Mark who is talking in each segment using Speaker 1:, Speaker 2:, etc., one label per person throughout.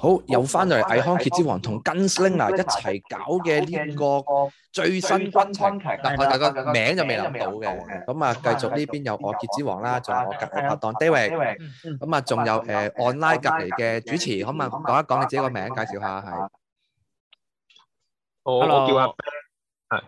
Speaker 1: 好，又翻到嚟偽腔蠍子王同 Gunslinger 一齊搞嘅呢個最新軍情，但我大家名就未諗到嘅。咁啊，繼續呢邊有我蠍子王啦，仲有我隔籬拍檔 David，咁啊，仲有誒按拉隔籬嘅主持，可唔可以講一講你自己個名，介紹下係？
Speaker 2: 我我叫阿 Ben，係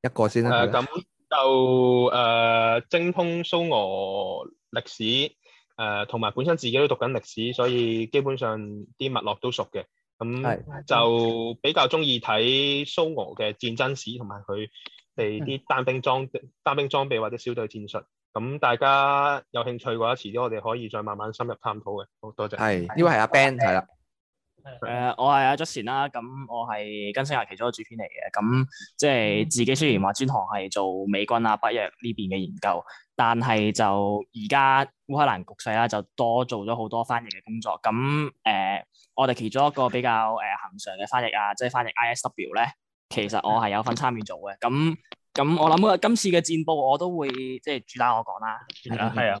Speaker 1: 一個先啦。咁
Speaker 2: 就誒精通蘇俄歷史。誒，同埋、呃、本身自己都讀緊歷史，所以基本上啲脈絡都熟嘅，咁就比較鍾意睇蘇俄嘅戰爭史同埋佢哋啲單兵裝、嗯、單兵裝備或者小隊戰術。咁大家有興趣嘅話，遲啲我哋可以再
Speaker 3: 慢慢深入探討嘅。好多謝。係，呢位
Speaker 1: 係阿 Ben，係啦。
Speaker 3: 誒，uh, 我係阿 j s 卓 n 啦，咁我係《更新下》其中一個主編嚟嘅，咁、uh, 即係自己雖然話專行係做美軍啊北約呢邊嘅研究，但係就而家烏克蘭局勢啦，uh, 就多做咗好多翻譯嘅工作，咁誒，我哋其中一個比較誒行、uh, 常嘅翻譯啊，uh, 即係翻譯 ISW 咧、uh,，其實我係有份參與做嘅，咁、uh, 咁 我諗今今次嘅戰報我，我都會即係主打我講啦，係、uh, 啊。 yeah, yeah.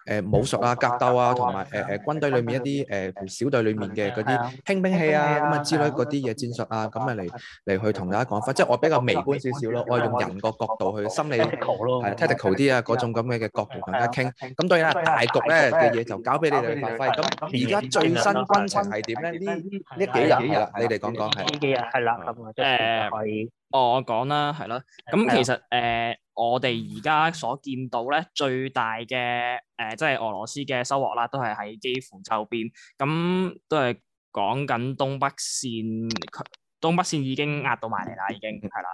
Speaker 1: 誒，武術啊、格鬥啊，同埋誒誒，軍隊裏面一啲，誒小隊裏面嘅嗰啲輕兵器啊，咁啊之類嗰啲嘢戰術啊，咁啊嚟嚟去同大家講翻，即係我比較微觀少少咯，我係用人個角度去心理，係 tactical 啲啊，嗰種咁嘅嘅角度同大家傾。咁當然啦，大局咧嘅嘢就交俾你哋去發揮。咁而家最新軍情係點咧？呢呢幾日你哋講講係。呢
Speaker 3: 幾日係啦，咁誒，可以。我講啦，係啦，咁其實誒。我哋而家所見到咧，最大嘅誒，即、呃、係俄羅斯嘅收穫啦，都係喺幾乎周邊，咁、嗯、都係講緊東北線，東北線已經壓到埋嚟啦，已經係啦。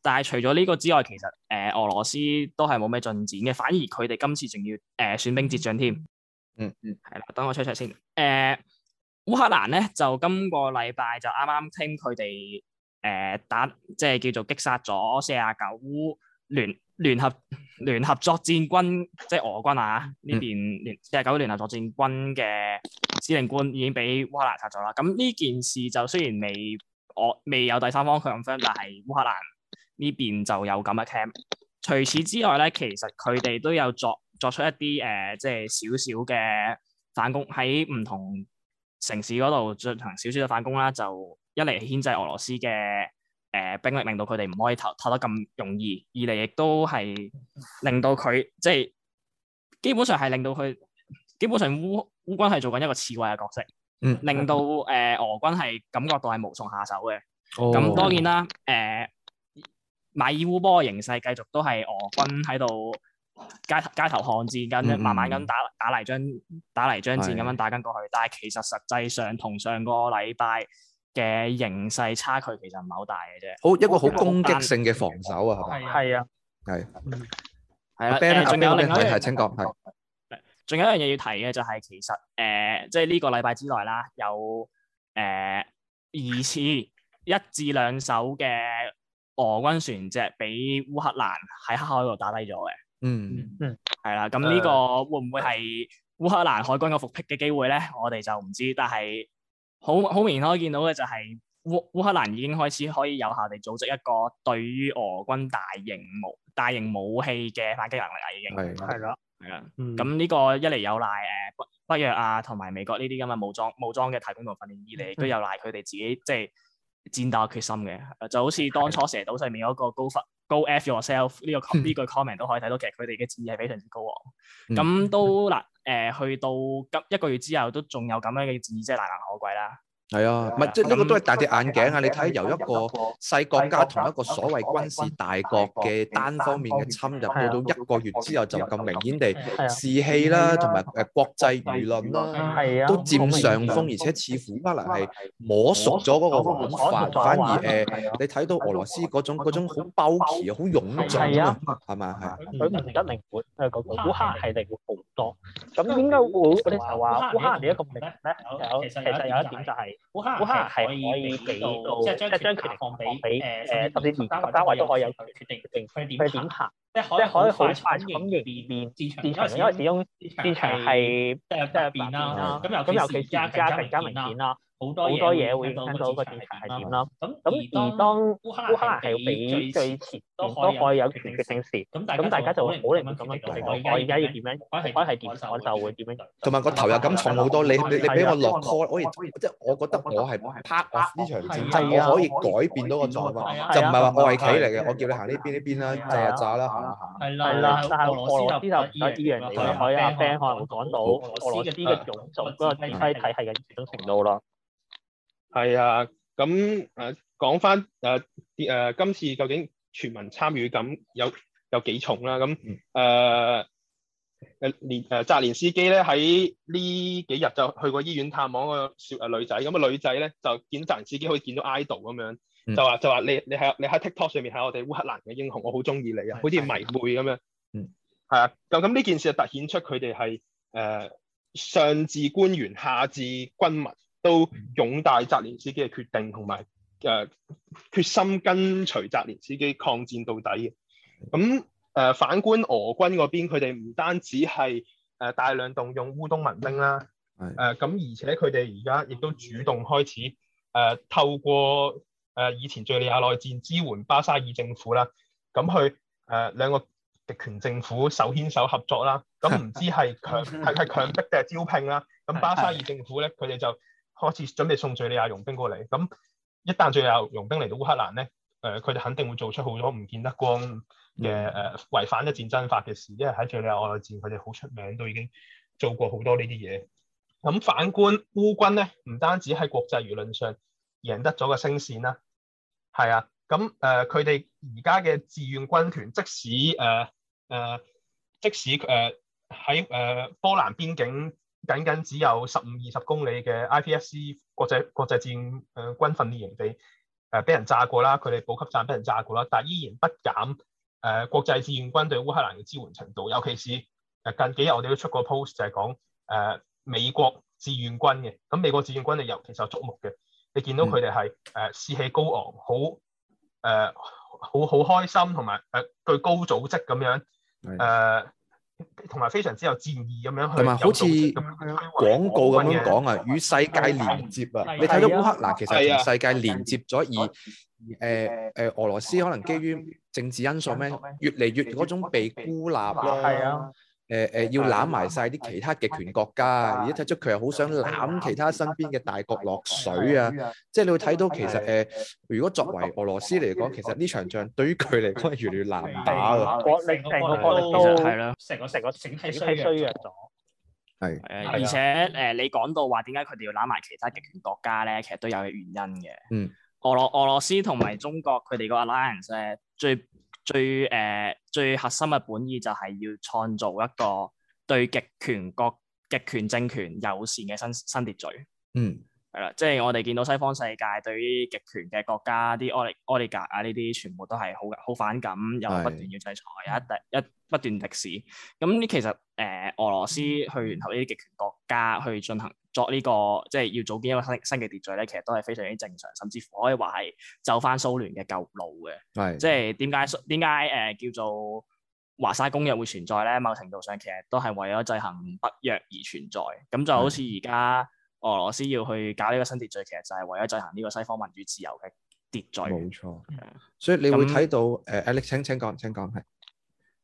Speaker 3: 但係除咗呢個之外，其實誒、呃、俄羅斯都係冇咩進展嘅，反而佢哋今次仲要誒、呃、損兵折將添。嗯嗯，係啦，等我 check check 先。誒、呃，烏克蘭咧就今個禮拜就啱啱聽佢哋誒打，即係叫做擊殺咗四廿九烏聯。聯合聯合作戰軍即係俄軍啊！呢邊、嗯、聯四十九聯合作戰軍嘅司令官已經俾烏克蘭殺咗啦。咁呢件事就雖然未我未有第三方確認，但係烏克蘭呢邊就有咁嘅 cam。除此之外咧，其實佢哋都有作作出一啲誒，即係少少嘅反攻喺唔同城市嗰度進行少少嘅反攻啦、啊。就一嚟牽制俄羅斯嘅，誒、呃、兵力令到佢哋唔可以投投得咁容易，二嚟亦都係令到佢即係基本上係令到佢，基本上烏烏軍係做緊一個刺蝟嘅角色，令到誒、呃、俄軍係感覺到係無從下手嘅。
Speaker 4: 咁、哦嗯哦、當然啦，
Speaker 3: 誒、呃、馬爾烏波嘅形勢繼續都係俄軍喺度街街頭巷戰緊，慢慢咁打打嚟張打嚟張戰咁樣打緊過去。哦、但係其實實際上同上個禮拜嘅形勢差距其實唔係好大嘅啫，好一個好攻擊性
Speaker 1: 嘅防守啊，係咪？係啊，係
Speaker 4: 係啊。仲有另一樣嘢要提，請講係。
Speaker 3: 仲有一樣嘢要提嘅就係，其實誒，即係呢個禮拜之內啦，有誒二次一至兩艘嘅俄軍船隻俾烏克蘭喺黑海度打低咗嘅。嗯嗯，係啦，咁呢個會唔會係烏克蘭海軍嘅復辟嘅機會咧？我哋就唔知，但係。好好明顯可以見到嘅就係烏烏克蘭已經開始可以有效地組織一個對於俄軍大型武大型武器嘅反擊能力啊，已經係係啦，係啊，咁呢個一嚟，有賴誒北約啊同埋美國呢啲咁嘅武裝武裝嘅提供同訓練，二嚟都有賴佢哋自己即係戰鬥決心嘅，就好似當初蛇島上面嗰個高福。Go F yourself 呢、 這個呢 句 comment 都可以睇到，其實佢哋嘅戰意係非常之高昂啊。咁 都嗱，誒、呃、去到今一個月之後，都仲有咁樣嘅戰意，即係難能可貴啦。
Speaker 1: 係啊，唔係即係呢個都係大隻眼鏡啊！你睇由一個細國家同一個所謂軍事大國嘅單方面嘅侵入，過到一個月之後就咁明顯地士氣啦，同埋誒國際輿論啦，都佔上風，而且似乎可能係摸熟咗嗰個玩法，反而誒你睇到俄羅斯
Speaker 4: 嗰種種好 bold 啊，好勇壯啊，係咪啊？係佢唔一定會烏克蘭係會好多，咁點解會我哋成日話烏克蘭係一個威脅咧？有其實有一點就係。好可能好可能係可以俾到，即係將權力放俾俾誒誒，甚至乎其他單位都可以有決定決定佢點行，即係可以好快諗完變市場，因為始終市場係誒即係變啦，咁尤其是加加更加明顯啦。好多嘢會影響到個戰局係點咯。咁咁而當烏克蘭係比最前都可以有決定性事。咁大家就會討論緊咁樣。我我而家要點樣？我係點？我就會點樣？
Speaker 1: 同埋個投入感重好多。你你你俾我落 call，我而即係我覺得我係拍呢場戰爭，我可以改變到個狀況，就唔係話我係棋嚟嘅。我叫你行呢邊呢邊啦，炸炸啦，下
Speaker 4: 下。係啦係啦，但係俄羅斯又啲啲人嚟啦，可以阿 Ben 可能會講到俄羅斯嘅總數嗰個聯邦體系嘅完整程度啦。係啊，咁啊
Speaker 2: 講翻誒誒今次究竟全民參與感有有幾重啦？咁誒誒年誒澤連斯基咧喺呢幾日就去過醫院探望個誒女仔。咁啊女仔咧就見澤連斯基可以見到 idol 咁樣，就話就話你你係你喺 TikTok 上面係我哋烏克蘭嘅英雄，我好中意你啊，好似迷妹咁樣。嗯，係啊，咁咁呢件事，um, 就凸顯出佢哋係誒上至官員，下至軍民。都擁戴澤連斯基嘅決定同埋誒決心跟隨澤連斯基抗戰到底嘅。咁、嗯、誒、呃、反觀俄軍嗰邊，佢哋唔單止係誒、呃、大量動用烏東民兵啦，誒咁的、呃、而且佢哋而家亦都主動開始誒、呃、透過誒、呃、以前敍利亞內戰支援巴沙爾政府啦。咁、嗯、去誒、呃、兩個極權政府手牽手合作啦。咁、嗯、唔知係強係係 強逼定係招聘啦？咁巴沙爾政府咧，佢哋就。開始準備送敘利亞傭兵過嚟，咁一旦敘利亞傭兵嚟到烏克蘭咧，誒佢哋肯定會做出好多唔見得光嘅誒、呃、違反咗戰爭法嘅事，因為喺敘利亞內戰佢哋好出名都已經做過好多呢啲嘢。咁反觀烏軍咧，唔單止喺國際輿論上贏得咗個聲線啦，係啊，咁誒佢哋而家嘅志願軍團，即使誒誒、呃呃，即使誒喺誒波蘭邊境，僅僅只有十五二十公里嘅 IPFC 國際國際戰誒軍訓練營地誒俾、呃、人炸過啦，佢哋補給站俾人炸過啦，但係依然不減誒、呃、國際志願軍對烏克蘭嘅支援程度，尤其是誒近幾日我哋都出過 post 就係講誒美國志願軍嘅，咁美國志願軍就尤其是矚目嘅，你見到佢哋係誒士氣高昂，好誒好好開心，同埋誒具高組織咁樣誒。呃 Right. 同埋非常之有戰意咁樣去，同埋好似
Speaker 4: 廣
Speaker 1: 告咁樣講啊，與吧世界連接啊，吧你睇到烏克蘭其實同世界連接咗吧，而誒誒俄羅斯可能基於政治因素咩，吧越嚟越嗰種被孤立咯。誒誒要攬埋晒啲其他極權國家，而家睇出佢又好想攬其他身邊嘅大國落水啊！即係你會睇到其實誒，如果作為俄羅斯嚟講，其實呢場仗對於佢嚟講係越嚟越難打嘅。成
Speaker 4: 個國力係啦，成個成個整體衰弱咗。係
Speaker 3: 誒，而且誒，你講到話點解佢哋要攬埋其他極權國家咧？其實都有原因嘅。嗯，俄羅俄羅斯同埋中國佢哋個 alliance 咧最。最、呃、最核心嘅本意就係要創造一個對極權國極權政權友善嘅新新秩序。嗯。係啦，即係我哋見到西方世界對於極權嘅國家，啲奧利奧利格啊呢啲，全部都係好好反感，又不斷要制裁，又一一不斷敵視。咁呢，其實誒、呃、俄羅斯去然後呢啲極權國家去進行作呢、這個，即係要組建一個新新嘅秩序咧，其實都係非常之正常，甚至乎可以話係走翻蘇聯嘅舊路嘅。係是，即係點解點解誒叫做華沙公約會存在咧？某程度上其實都係為咗制衡北約而存在。咁就好似而家。俄羅斯要去搞呢個新秩序，其實就係為咗制衡呢個西方民主自由嘅
Speaker 1: 秩序。冇錯，Yeah. 所以你會睇到誒、嗯 uh，Alex 請請講請講。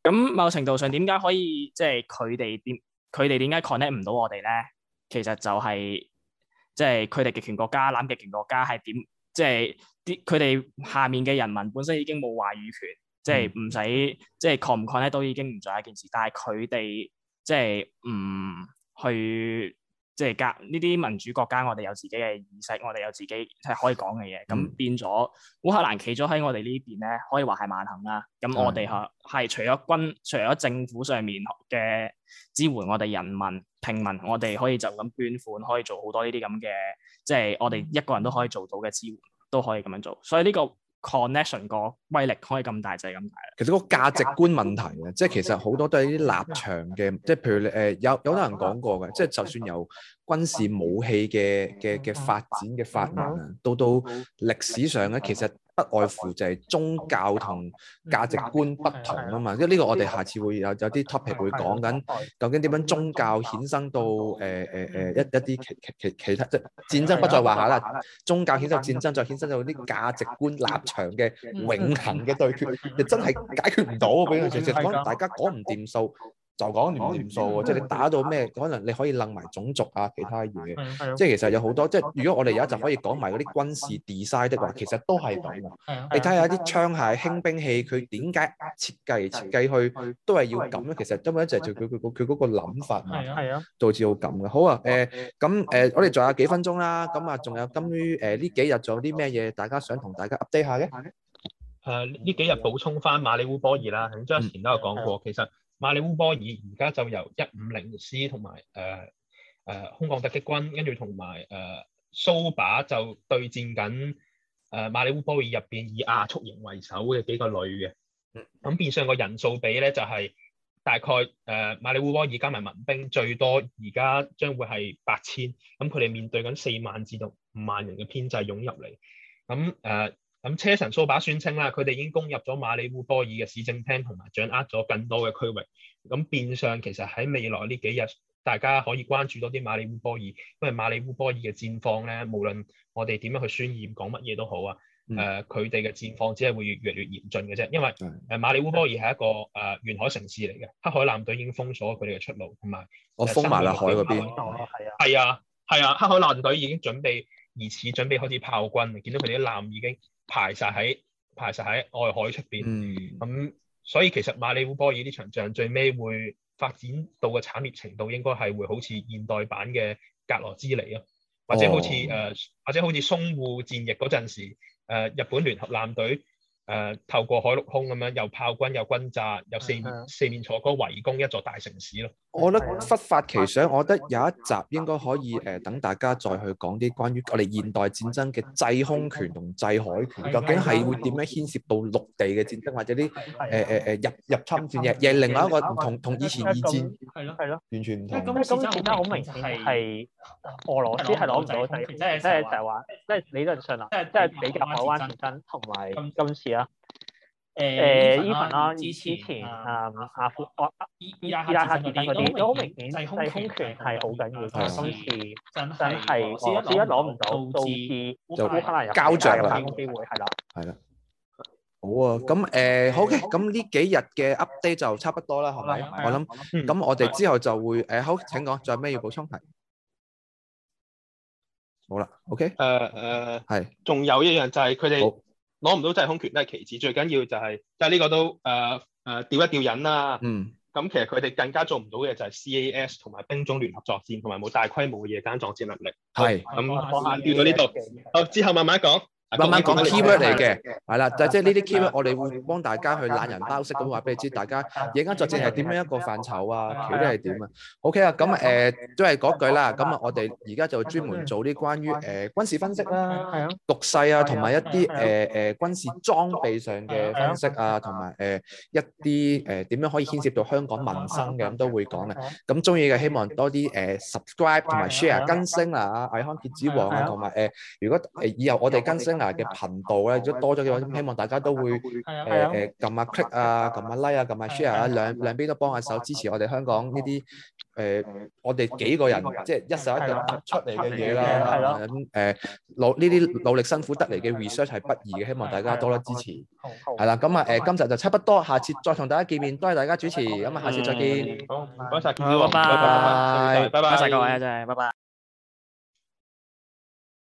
Speaker 3: 咁某程度上點解可以即係佢哋點佢哋點解 connect 唔到我哋咧？其實就係即係佢哋極權國家攬極權國家係點？即係啲佢哋下面嘅人民本身已經冇話語權，即係唔使即係 connect 唔 connect 都已經唔再係一件事。但係佢哋即係唔去。即係隔呢啲民主國家，我哋有自己嘅意識，我哋有自己即係可以講嘅嘢。咁變咗烏克蘭、嗯、企咗喺我哋呢邊咧，可以話係萬幸啦。咁我哋係係除咗軍，除咗政府上面嘅支援，我哋人民平民，我哋可以就咁捐款，可以做好多呢啲咁嘅，即係我哋一個人都可以做到嘅支援，都可以咁樣做。所以呢個。Connection 個威力可以咁大就係咁大啦。
Speaker 1: 其實個價值觀問題嘅，即係其實好多都係啲立場嘅，即係譬如誒、呃、有有好多人講過嘅，即係就算由軍事武器嘅嘅嘅發展嘅發明啊，到到歷史上咧，其實。不外乎就係宗教同價值觀不同啊嘛，即呢個我哋下次會有有啲 topic 會講緊，究竟點樣宗教衍生到誒誒誒一一啲其其其其他即係戰爭不在話下啦，宗教衍生戰爭，就衍生到啲價值觀立場嘅永恆嘅對決，你真係解決唔到，俾佢直直可能大家講唔掂數。就講連番連數即係你打到咩？可能你可以楞埋種族啊，其他嘢。 即係其實有好多，即係如果我哋有一集可以講埋嗰啲軍事 design 的話，其實都係咁嘅。
Speaker 4: 你睇下啲槍
Speaker 1: 械、輕兵器，佢點解設計設計去都係要咁咧？其實因為一就係佢佢佢佢嗰個諗法啊，導致到咁嘅。好啊，誒咁誒，我哋仲有幾分鐘啦。咁啊，仲有今於誒呢、呃、幾日仲有啲咩嘢大家想同大家 update 下嘅？誒
Speaker 2: 呢幾日補充翻馬里烏波爾啦，之前都有講過，其、嗯、實。嗯嗯嗯馬里烏波爾而家就由一五零師同埋誒誒空降突擊軍，跟住同埋誒蘇巴就對戰緊誒、呃、馬里烏波爾入邊以亞速營為首嘅幾個旅嘅。咁變相個人數比咧就係、是、大概誒、呃、馬里烏波爾加埋民兵最多而家將會係八千，咁佢哋面對緊四萬至到五萬人嘅編制湧入嚟，咁誒。呃咁車臣蘇巴宣稱啦，佢哋已經攻入咗馬里烏波爾嘅市政廳，同埋掌握咗更多嘅區域。咁、嗯、變相其實喺未來呢幾日，大家可以關注多啲馬里烏波爾，因為馬里烏波爾嘅戰況咧，無論我哋點樣去宣言講乜嘢都好啊，誒、呃，佢哋嘅戰況只係會越嚟越嚴峻嘅啫。因為誒馬里烏波爾係一個誒沿海城市嚟嘅，黑海艦隊已經封鎖佢哋嘅出路，同埋我封埋啦海嗰邊海艦，係啊係啊，黑海艦隊已經準備而始準備開始炮轟，見到佢哋啲艦已經。排晒喺，排曬喺外海出邊，咁、嗯嗯、所以其實馬里烏波爾呢場仗最尾會發展到嘅慘烈程度，應該係會好似現代版嘅格羅茲尼咯，或者好似誒、哦呃，或者好似淞滬戰役嗰陣時、呃，日本聯合艦隊。誒透過海陸空咁樣，又炮轟又轟炸、又四面四面坐崗圍攻一座大城市咯。我覺得
Speaker 1: 忽發奇想，我覺得有一集應該可以誒，等大家再去講啲關於我哋現代戰爭嘅制空權同制海權，究竟係會點樣牽涉到陸地嘅戰爭，或者啲誒誒誒入入侵戰嘅嘢，另外一個同同以前二戰係
Speaker 4: 咯係咯完全唔同。咁咁而家好明顯係俄羅斯係攞唔到制空，即係就係話，即係理論上啦，即係即係比較海灣戰爭同埋今次。誒依份啦，之前啊阿富亞亞亞克列的嗰啲都好明顯，制空權係好緊要嘅，真真係真真係攞唔到，導致就交戰啦，機會係啦，係啦，
Speaker 1: 好啊，咁誒好嘅，咁呢幾日嘅 update 就差不多啦，
Speaker 2: 係
Speaker 4: 咪？我諗咁我哋之
Speaker 1: 後就會誒好，請講，仲有咩要補充係？
Speaker 2: 好啦，OK，誒誒，係，仲有一樣就係佢哋。攞唔到制空權都係其次，最緊要就係即係呢個都誒誒吊一吊人啦。嗯，咁其實佢哋更加做唔到嘅就係 CAS 同埋兵種聯合作戰，同埋冇大規模嘅夜間作戰能力。係，咁我哋講下掉到呢度。好，之後慢慢講。慢慢講 keyword
Speaker 1: 嚟嘅，係啦的，的就即係呢啲 keyword，我哋會幫大家去懶人包式咁話俾你知，大家夜間作戰係點樣一個範疇啊，佢、okay，呃、都係點啊？OK 啊，咁誒都係嗰句啦，咁啊，我哋而家就專門做啲關於誒、呃、軍事分析啦，係啊，局勢啊，同埋一啲誒誒軍事裝備上嘅分析啊，同埋誒一啲誒點樣可以牽涉到香港民生嘅，咁都會講嘅。咁鍾意嘅希望多啲誒 subscribe 同埋 share 更新啊，愛康蠍子王啊，同埋誒如果誒以後我哋更新、啊嘅頻道咧，都多咗嘅話，希望大家都會誒誒撳下 click 啊，撳下 like 啊，撳下 share 啊，兩兩邊都幫下手支持我哋香港呢啲誒，我哋幾個人即係一手一
Speaker 2: 腳出嚟嘅嘢啦，咁誒
Speaker 1: 努呢啲努力辛苦得嚟嘅 research 係不易嘅，希望大家多多支持。係啦，咁啊誒，今日就差不多，下次再同大家見面，多謝大家主
Speaker 4: 持，咁啊下次再見。好，唔該晒見到我嘛，拜拜，多謝各位，謝謝，拜拜。